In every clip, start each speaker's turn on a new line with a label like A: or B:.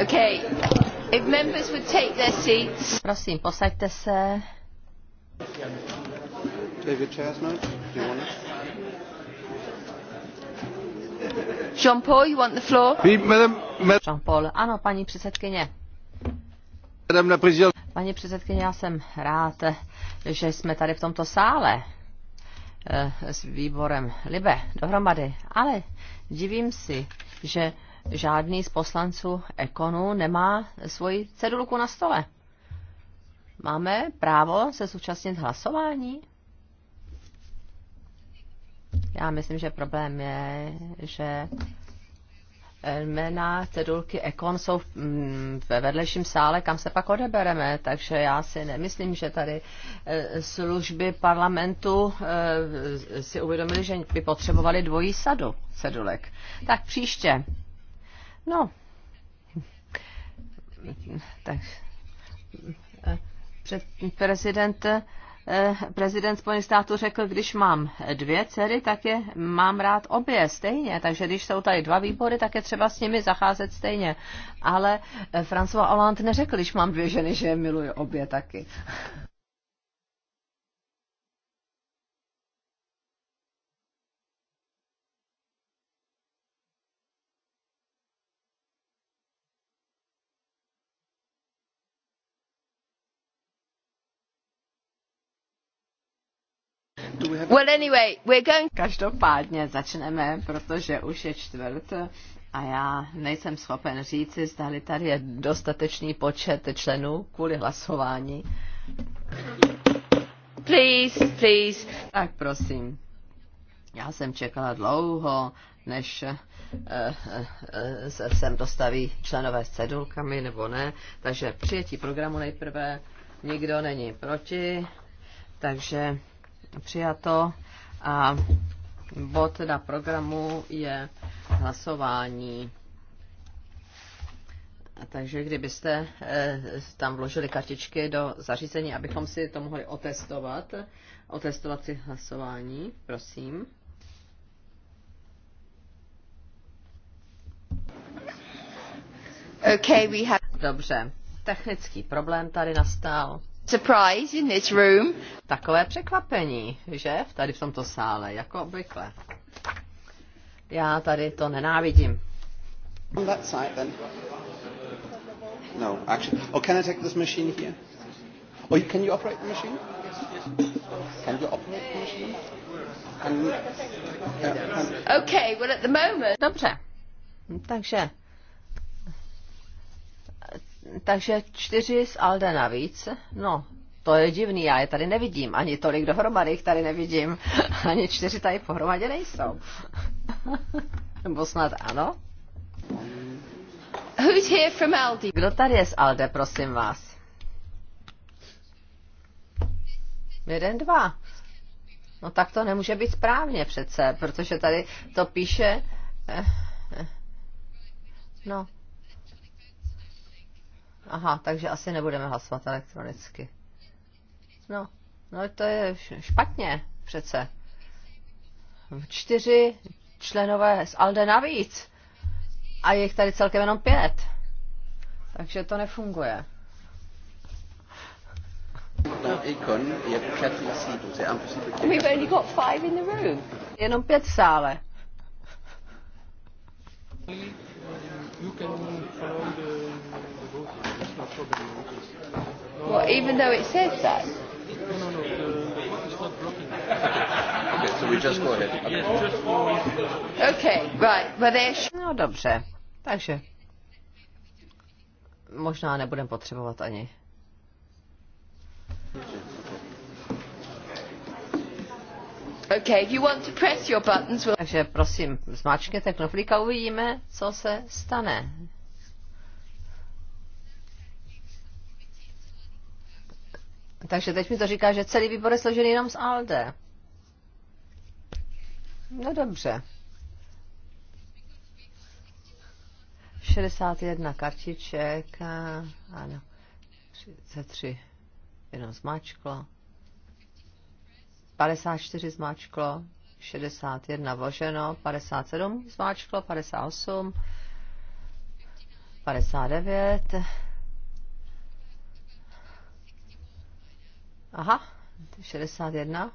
A: Okay. If members would take their seats.
B: Prosím, posaďte se. Jean-Paul, you want the floor? Jean-Paul, ano, paní předsedkyně. Paní předsedkyně, já jsem rád, že jsme tady v tomto sále eh, s výborem Libe dohromady, ale divím si, že žádný z poslanců Ekonu nemá svoji cedulku na stole. Máme právo se zúčastnit hlasování? Já myslím, že problém je, že jména cedulky Ekon jsou mm, ve vedlejším sále, kam se pak odebereme, takže já si nemyslím, že tady e, služby parlamentu e, si uvědomili, že by potřebovali dvojí sadu cedulek. Tak příště No, tak eh, před prezident eh, prezident Spojených států řekl, když mám dvě dcery, tak je mám rád obě stejně. Takže když jsou tady dva výbory, tak je třeba s nimi zacházet stejně. Ale eh, François Hollande neřekl, když mám dvě ženy, že je miluji obě taky. Well, anyway, we're going... Každopádně začneme, protože už je čtvrt a já nejsem schopen říci, zdali tady je dostatečný počet členů kvůli hlasování. Please, please. Tak prosím. Já jsem čekala dlouho, než eh, eh, se sem dostaví členové s cedulkami nebo ne. Takže přijetí programu nejprve. Nikdo není proti, takže přijato a bod teda programu je hlasování. Takže kdybyste eh, tam vložili kartičky do zařízení, abychom si to mohli otestovat, otestovat si hlasování, prosím. Okay, we have... Dobře, technický problém tady nastal. Surprise in this room. Takové překvapení, že? Tady v tomto sále, jako obvykle. Já tady to nenávidím. On that side then. No, actually. Oh, can I take this machine here? Oh, can you operate the machine? Can you operate the machine? Can you... Okay, well at the moment. Dobře. Hm, takže takže čtyři z Alde navíc. No, to je divný, já je tady nevidím. Ani tolik dohromady jich tady nevidím. Ani čtyři tady pohromadě nejsou. Nebo snad ano? Who's here from Aldi? Kdo tady je z Alde, prosím vás? Jeden, dva. No tak to nemůže být správně přece, protože tady to píše... Eh, eh, no, Aha, takže asi nebudeme hlasovat elektronicky. No, no to je špatně přece. Čtyři členové z ALDE navíc. A je jich tady celkem jenom pět. Takže to nefunguje. We've only got five in the room. Jenom pět v sále. You can follow the Well, even though it says that. No, no, no. The, the is not blocking. Okay. so we just go ahead. Okay, okay right. Well, they... No dobře, takže možná nebudem potřebovat ani. Okay, if you want to press your buttons, we'll... Takže prosím, zmáčkněte knoflík a uvidíme, co se stane. Takže teď mi to říká, že celý výbor je složený jenom z ALDE. No dobře. 61 kartiček, ano, 33 jenom zmáčklo, 54 zmáčklo, 61 voženo. 57 zmáčklo, 58, 59, Aha, 61.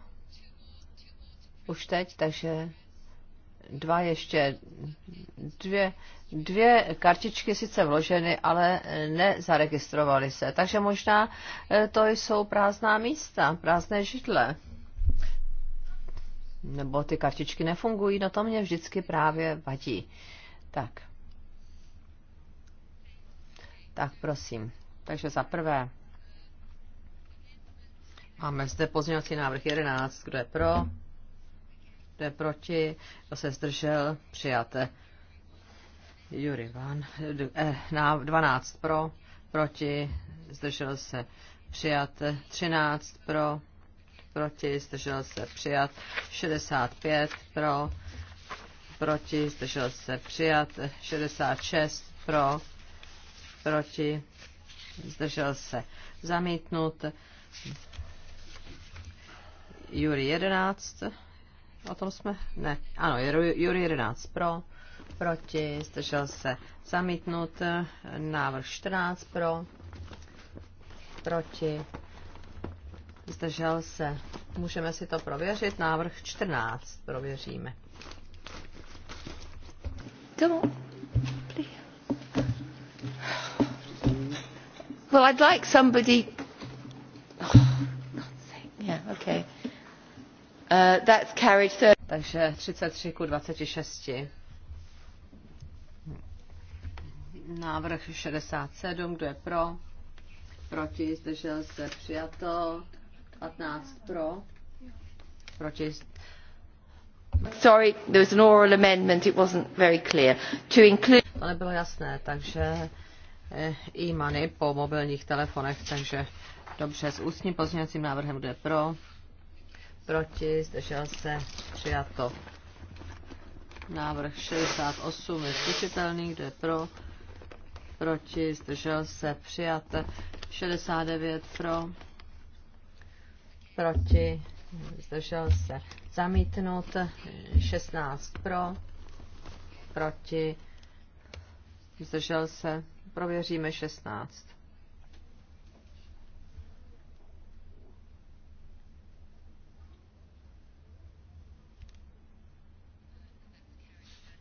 B: Už teď, takže dva ještě, dvě, dvě kartičky sice vloženy, ale nezaregistrovaly se. Takže možná eh, to jsou prázdná místa, prázdné židle. Nebo ty kartičky nefungují, no to mě vždycky právě vadí. Tak. Tak prosím. Takže za prvé Máme zde pozměňovací návrh 11. Kdo je pro? Kdo je proti? Kdo se zdržel? Přijate. Jury Van. Eh, 12 pro, proti, zdržel se přijat. 13 pro, proti, zdržel se přijat. 65 pro, proti, zdržel se přijat. 66 pro, proti, zdržel se zamítnut. Jury 11, o tom jsme, ne, ano, Jury 11 pro, proti, zdržel se zamítnut, návrh 14 pro, proti, zdržel se, můžeme si to prověřit, návrh 14 prověříme. Come Well, I'd like somebody. Oh, yeah, okay. Uh, that's carried Takže 33 ku 26. Návrh 67, kdo je pro? Proti, zdržel se, přijato. 15 pro. Proti. Sorry, there was an oral amendment, it wasn't very clear. To include... To nebylo jasné, takže eh, e-money po mobilních telefonech, takže dobře, s ústním pozměňovacím návrhem, kdo je pro? proti, zdržel se, přijato. Návrh 68 je slučitelný, kdo je pro, proti, zdržel se, přijat. 69 pro, proti, zdržel se, zamítnut. 16 pro, proti, zdržel se, prověříme 16.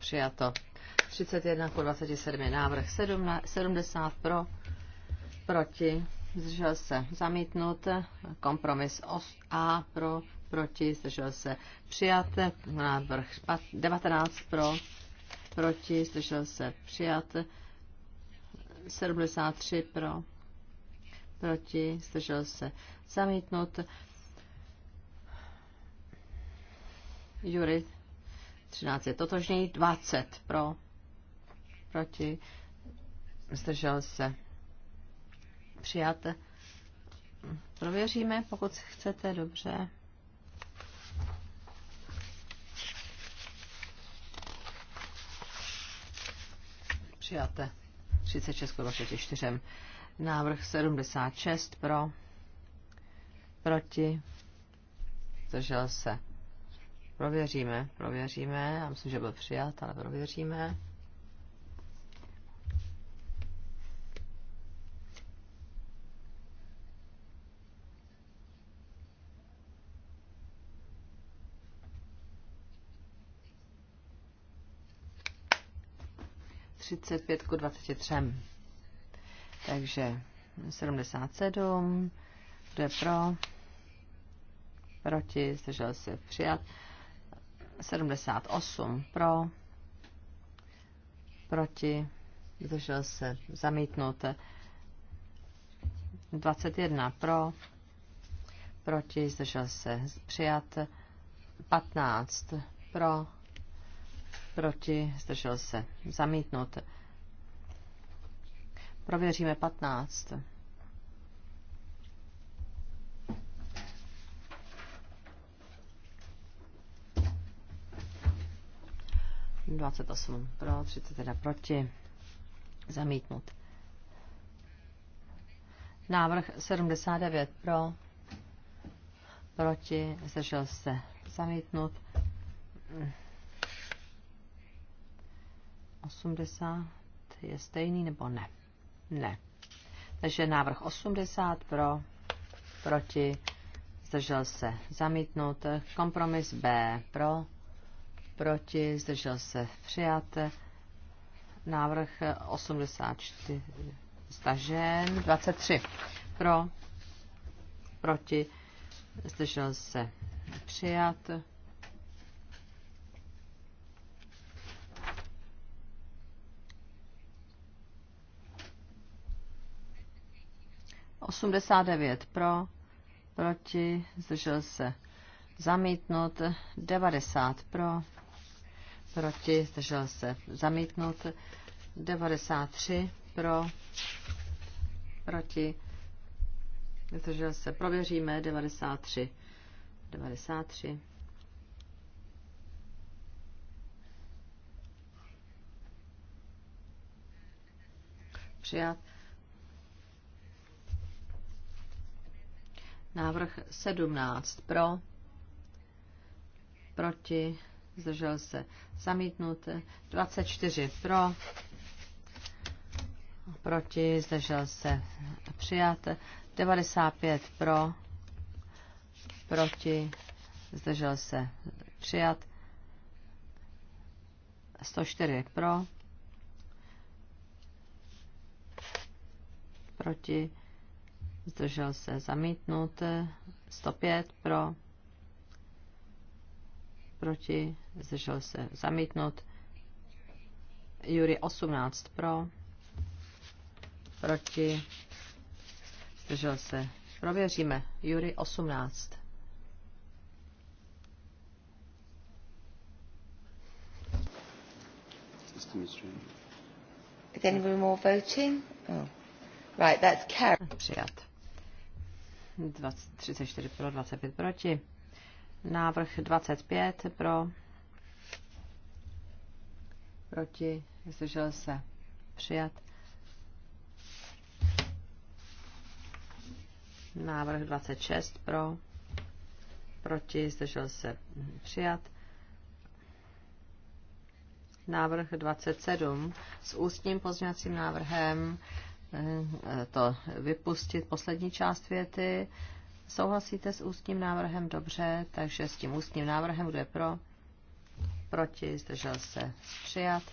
B: Přijato. 31 po 27 návrh 7 70 pro, proti, zdržel se zamítnut, kompromis A pro, proti, zdržel se přijat, návrh 19 pro, proti, zdržel se přijat, 73 pro, proti, zdržel se zamítnut, Jurid, 13 je totožný, 20 pro, proti, zdržel se přijat. Prověříme, pokud chcete, dobře. Přijaté. 36 24. Návrh 76 pro. Proti. Zdržel se Prověříme, prověříme. Já myslím, že byl přijat, ale prověříme. Třicet pět ku dvaceti třem. Takže sedmdesát sedm. Kdo je pro? Proti? Zdržel se přijat. 78 pro, proti, zdržel se, zamítnout, 21 pro, proti, zdržel se, přijat. 15 pro, proti, zdržel se, zamítnout. Prověříme 15. 28 pro, 31 proti. Zamítnut. Návrh 79 pro, proti, zdržel se. Zamítnut. 80 je stejný nebo ne? Ne. Takže návrh 80 pro, proti, zdržel se. Zamítnut. Kompromis B pro, proti, zdržel se přijat. Návrh 84 stažen, 23 pro, proti, zdržel se přijat. Osmdesát devět pro, proti, zdržel se zamítnut, devadesát pro, proti, zdržel se zamítnout 93 pro, proti, zdržel se, prověříme, 93, 93. Přijat. Návrh 17 pro, proti, zdržel se zamítnut, 24 pro, proti, zdržel se přijat, 95 pro, proti, zdržel se přijat, 104 pro, proti, zdržel se zamítnut, 105 pro, proti, zdržel se zamítnut. Jury 18 pro, proti, zdržel se. Prověříme. Jury 18. Is anybody more voting? Oh. Right, that's Karen. Přijat. 20, 34 pro, 25 proti. Návrh 25 pro, proti, zdržel se přijat. Návrh 26 pro, proti, zdržel se přijat. Návrh 27 s ústním pozměňovacím návrhem eh, to vypustit poslední část věty. Souhlasíte s ústním návrhem? Dobře, takže s tím ústním návrhem, kdo je pro? proti, zdržel se přijat.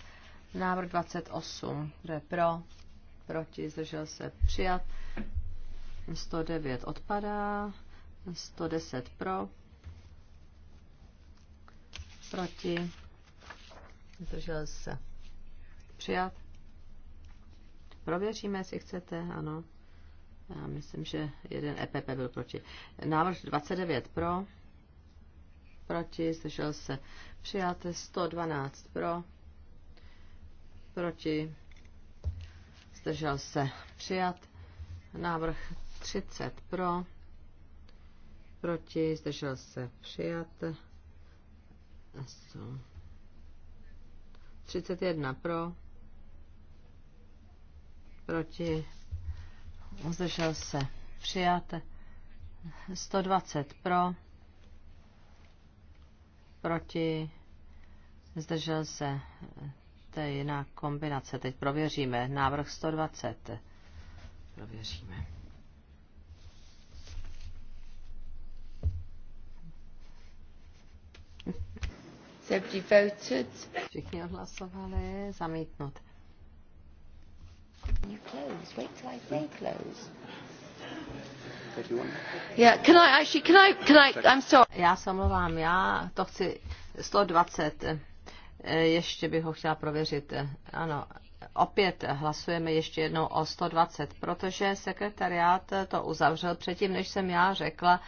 B: Návrh 28, kdo je pro, proti, zdržel se přijat. 109 odpadá, 110 pro, proti, zdržel se přijat. Prověříme, jestli chcete, ano. Já myslím, že jeden EPP byl proti. Návrh 29 pro, proti, zdržel se přijaté 112 pro, proti, zdržel se přijat, návrh 30 pro, proti, zdržel se přijat, 31 pro, proti, zdržel se přijat, 120 pro, proti, zdržel se, to je jiná kombinace, teď prověříme, návrh 120, prověříme. Všichni odhlasovali, zamítnut. You close. Wait till I say close. Já se omlouvám, já to chci 120. Eh, ještě bych ho chtěla prověřit. Eh, ano, opět hlasujeme ještě jednou o 120, protože sekretariát to uzavřel předtím, než jsem já řekla,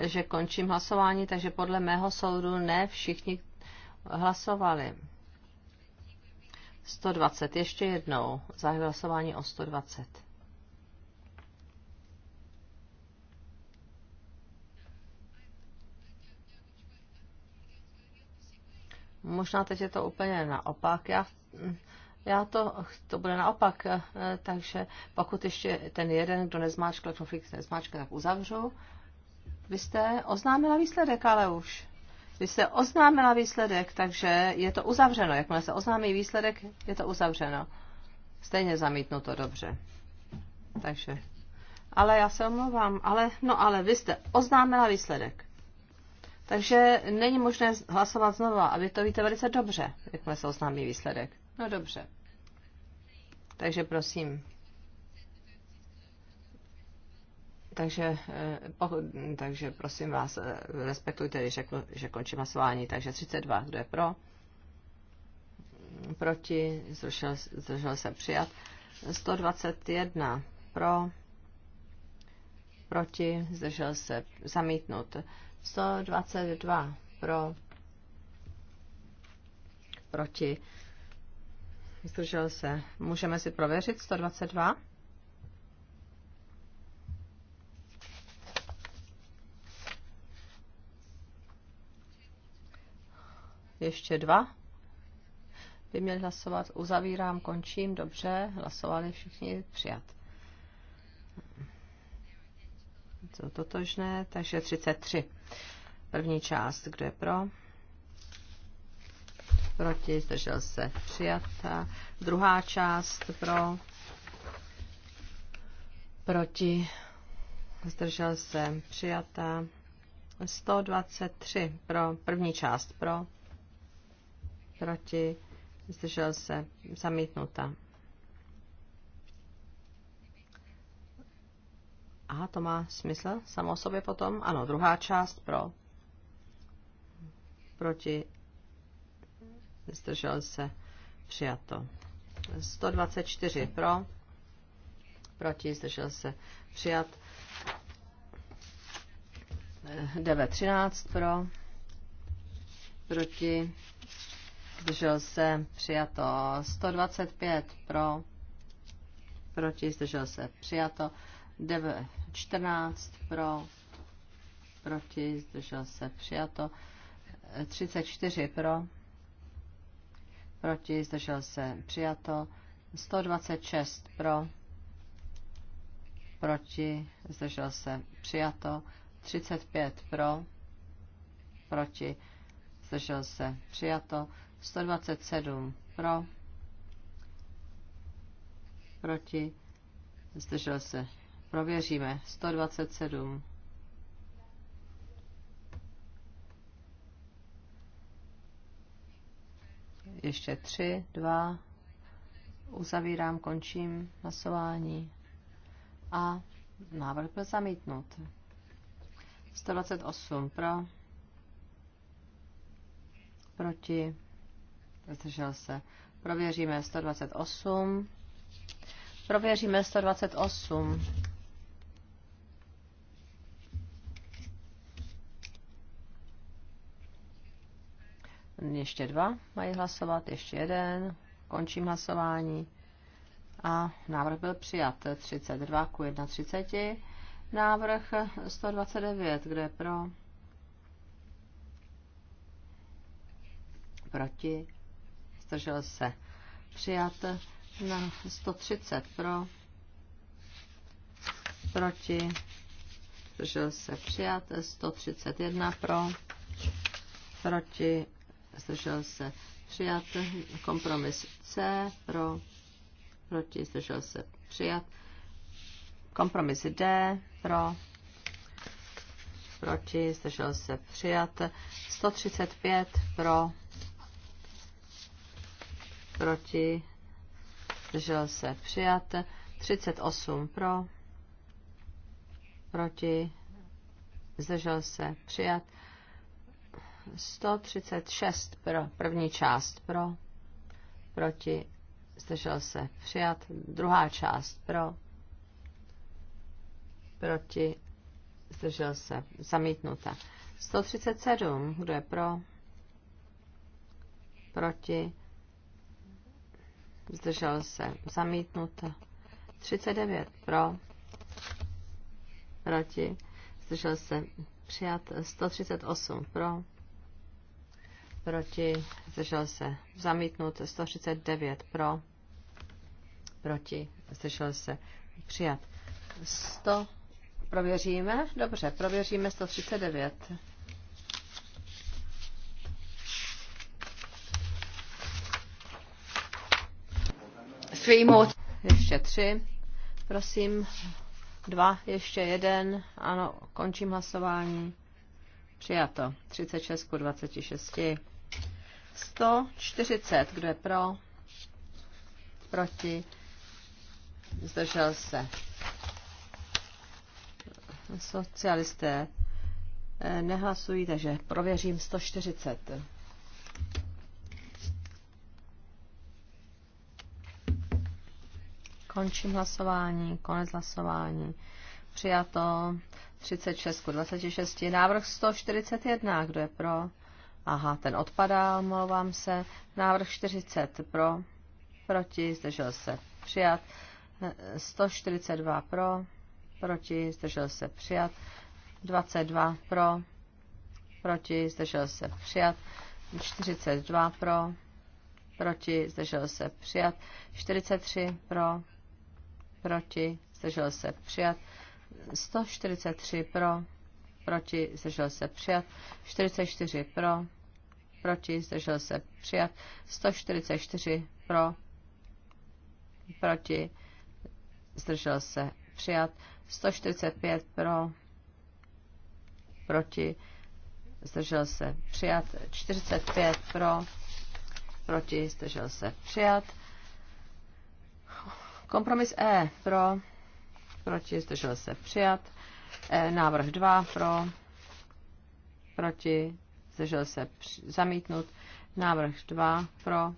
B: že končím hlasování, takže podle mého soudu ne všichni hlasovali. 120, ještě jednou, za hlasování o 120. Možná teď je to úplně naopak. Já, já to, to bude naopak, eh, takže pokud ještě ten jeden, kdo nezmáčkl konflikt, nezmáčkl, tak uzavřu. Vy jste oznámila výsledek, ale už. Vy jste oznámila výsledek, takže je to uzavřeno. Jakmile se oznámí výsledek, je to uzavřeno. Stejně zamítnu to dobře. Takže. Ale já se omlouvám, ale, no ale vy jste oznámila výsledek. Takže není možné hlasovat znova a vy to víte velice dobře, jakmile se oznámí výsledek. No dobře. Takže prosím. Takže, eh, takže prosím vás, eh, respektujte, když řeknu, že končím hlasování. Takže 32, kdo je pro? Proti, zrušil, zrušil se přijat. 121 pro, proti, zdržel se zamítnut. 122 pro, proti, zdržel se. Můžeme si prověřit 122? Ještě dva by měli hlasovat. Uzavírám, končím, dobře, hlasovali všichni, přijat. To totožné, takže 33 První část, kdo je pro? Proti, zdržel se, přijata. Druhá část pro? Proti, zdržel se, přijata. 123 pro první část pro, proti, zdržel se, zamítnuta. Aha, to má smysl samo sobě potom. Ano, druhá část pro, proti, zdržel se, přijato. 124 pro, proti, zdržel se, přijat. 913 pro, proti, zdržel se, přijato. 125 pro, proti, zdržel se, přijato. 9, 14 pro, proti, zdržel se, přijato. 34 pro, proti, zdržel se, přijato, 126 pro, proti, zdržel se, přijato, 35 pro, proti, zdržel se, přijato, 127 pro, proti, zdržel se, prověříme, 127 ještě tři, dva, uzavírám, končím hlasování a návrh byl zamítnut. 128 pro, proti, zdržel se. Prověříme 128. Prověříme 128. Ještě dva mají hlasovat, ještě jeden. Končím hlasování. A návrh byl přijat 32 ku 31. Návrh 129, kde je pro? Proti? Zdržel se. Přijat na 130 pro? Proti? Zdržel se. Přijat 131 pro? Proti? zdržel se přijat. Kompromis C pro, proti, zdržel se přijat. Kompromis D pro, proti, zdržel se přijat. 135 pro, proti, zdržel se přijat. 38 pro, proti, zdržel se přijat. 136 pro první část pro, proti, zdržel se přijat, druhá část pro, proti, zdržel se zamítnuta. 137, kdo je pro, proti, zdržel se zamítnuta. 39 pro, proti, zdržel se přijat 138 pro, proti, zdržel se zamítnut, 139 pro, proti, zdržel se přijat. 100, prověříme, dobře, prověříme 139. Svýmout. Ještě tři, prosím, dva, ještě jeden, ano, končím hlasování. Přijato. 36 ku 26. 140. Kdo je pro? Proti? Zdržel se. Socialisté eh, nehlasují, takže prověřím 140. Končím hlasování, konec hlasování. Přijato 36 26. Návrh 141. Kdo je pro? Aha, ten odpadá, omlouvám se. Návrh 40 pro, proti, zdržel se přijat. 142 pro, proti, zdržel se přijat. 22 pro, proti, zdržel se přijat. 42 pro, proti, zdržel se přijat. 43 pro, proti, zdržel se přijat. 143 pro, proti, zdržel se přijat. 44 pro, proti, zdržel se přijat, 144 pro, proti, zdržel se přijat, 145 pro, proti, zdržel se přijat, 45 pro, proti, zdržel se přijat, kompromis E pro, proti, zdržel se přijat, e, návrh 2 pro, proti, zdržel se zamítnut. Návrh 2 pro,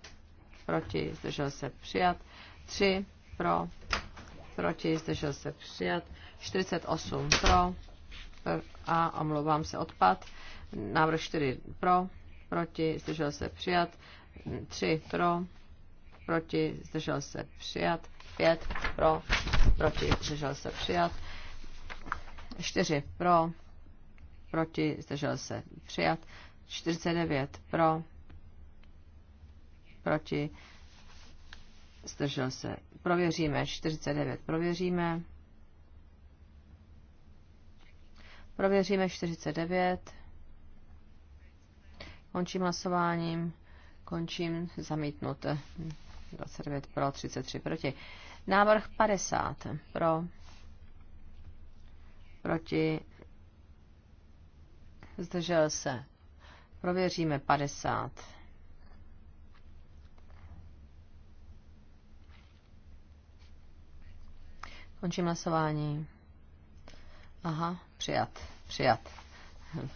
B: proti, zdržel se přijat. 3 pro, proti, zdržel se přijat. 48 pro a omlouvám se odpad. Návrh 4 pro, proti, zdržel se přijat. 3 pro, proti, zdržel se přijat. 5 pro, proti, zdržel se přijat. 4 pro, proti, zdržel se přijat. 49 pro, proti, zdržel se. Prověříme, 49 prověříme. Prověříme 49. Končím hlasováním, končím zamítnut. 29 pro, 33 proti. Návrh 50 pro, proti, zdržel se. Prověříme 50. Končím hlasování. Aha, přijat, přijat.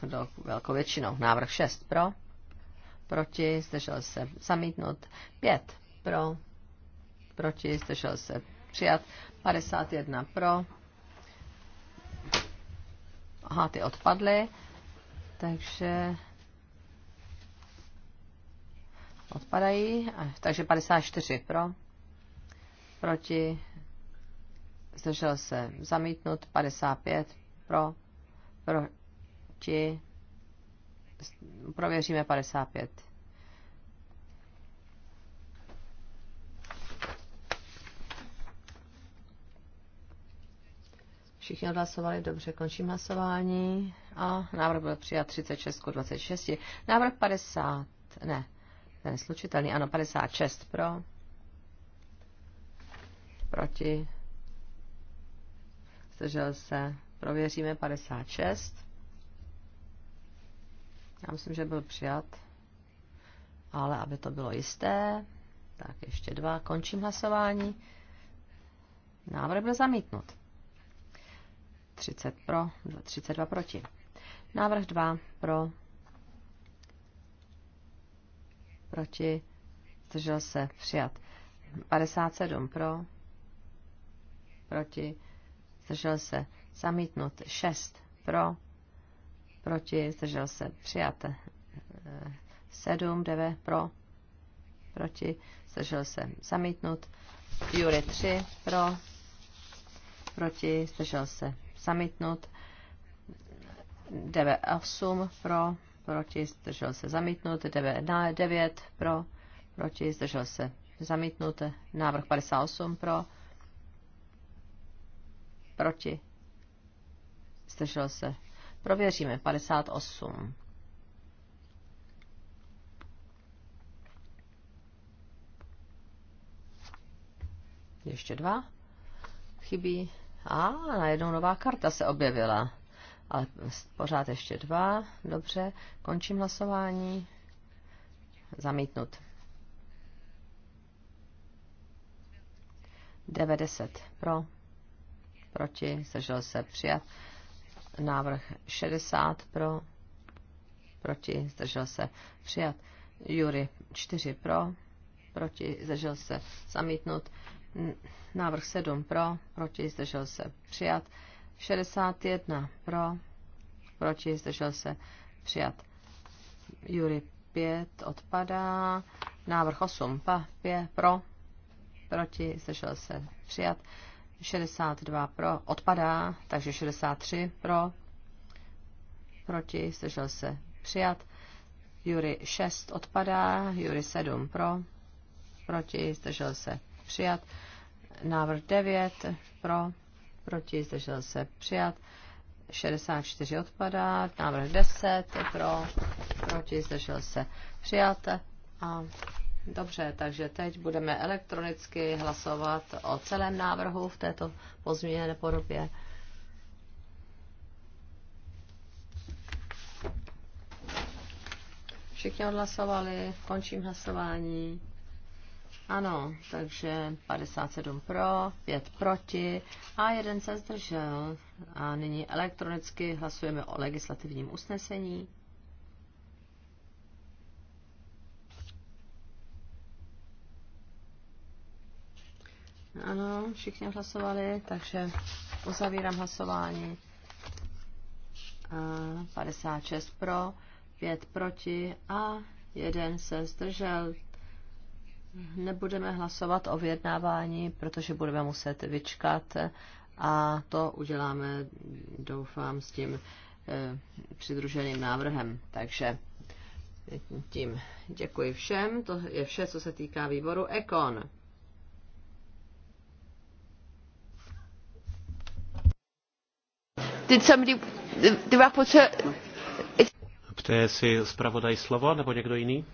B: Do velkou většinou. Návrh 6 pro, proti, zdržel se zamítnut. 5 pro, proti, zdržel se přijat. 51 pro. Aha, ty odpadly. Takže odpadají, takže 54 pro, proti, zdržel se zamítnut, 55 pro, proti, prověříme 55. Všichni odhlasovali, dobře, končím hlasování. A návrh byl přijat 36 26. Návrh 50, ne, ten je slučitelný, ano, 56 pro, proti, zdržel se, prověříme 56. Já myslím, že byl přijat, ale aby to bylo jisté, tak ještě dva, končím hlasování. Návrh byl zamítnut. 30 pro, 32 proti. Návrh 2 pro, proti, zdržel se, přijat. 57 pro, proti, zdržel se, zamítnut. 6 pro, proti, zdržel se, přijat. 7, 9 pro, proti, zdržel se, zamítnut. Jury 3 pro, proti, zdržel se, zamítnut. 9, 8 pro, proti, zdržel se zamítnut, 9 pro, proti, zdržel se zamítnut, návrh 58 pro, proti, zdržel se. Prověříme, 58. Ještě dva. Chybí. A najednou nová karta se objevila ale pořád ještě dva. Dobře, končím hlasování. Zamítnut. 90 pro, proti, zdržel se přijat. Návrh 60 pro, proti, zdržel se přijat. Jury 4 pro, proti, zdržel se zamítnut. Návrh 7 pro, proti, zdržel se přijat. 61 pro, proti, zdržel se, přijat. Jury 5 odpadá. Návrh 8 pa, 5 pro, proti, zdržel se, přijat. 62 pro, odpadá, takže 63 pro, proti, zdržel se, přijat. Jury 6 odpadá, Jury 7 pro, proti, zdržel se, přijat. Návrh 9 pro, proti, zdržel se přijat. 64 odpadá, návrh 10 pro, proti, zdržel se přijat. A dobře, takže teď budeme elektronicky hlasovat o celém návrhu v této pozměněné podobě. Všichni odhlasovali, končím hlasování. Ano, takže 57 pro, 5 proti a jeden se zdržel. A nyní elektronicky hlasujeme o legislativním usnesení. Ano, všichni hlasovali, takže uzavírám hlasování. A 56 pro, 5 proti a jeden se zdržel, Nebudeme hlasovat o vyjednávání, protože budeme muset vyčkat a to uděláme, doufám, s tím eh, přidruženým návrhem. Takže tím děkuji všem. To je vše, co se týká výboru Ekon. Did somebody, the, the rapporteur... Přeje si zpravodaj slovo nebo někdo jiný?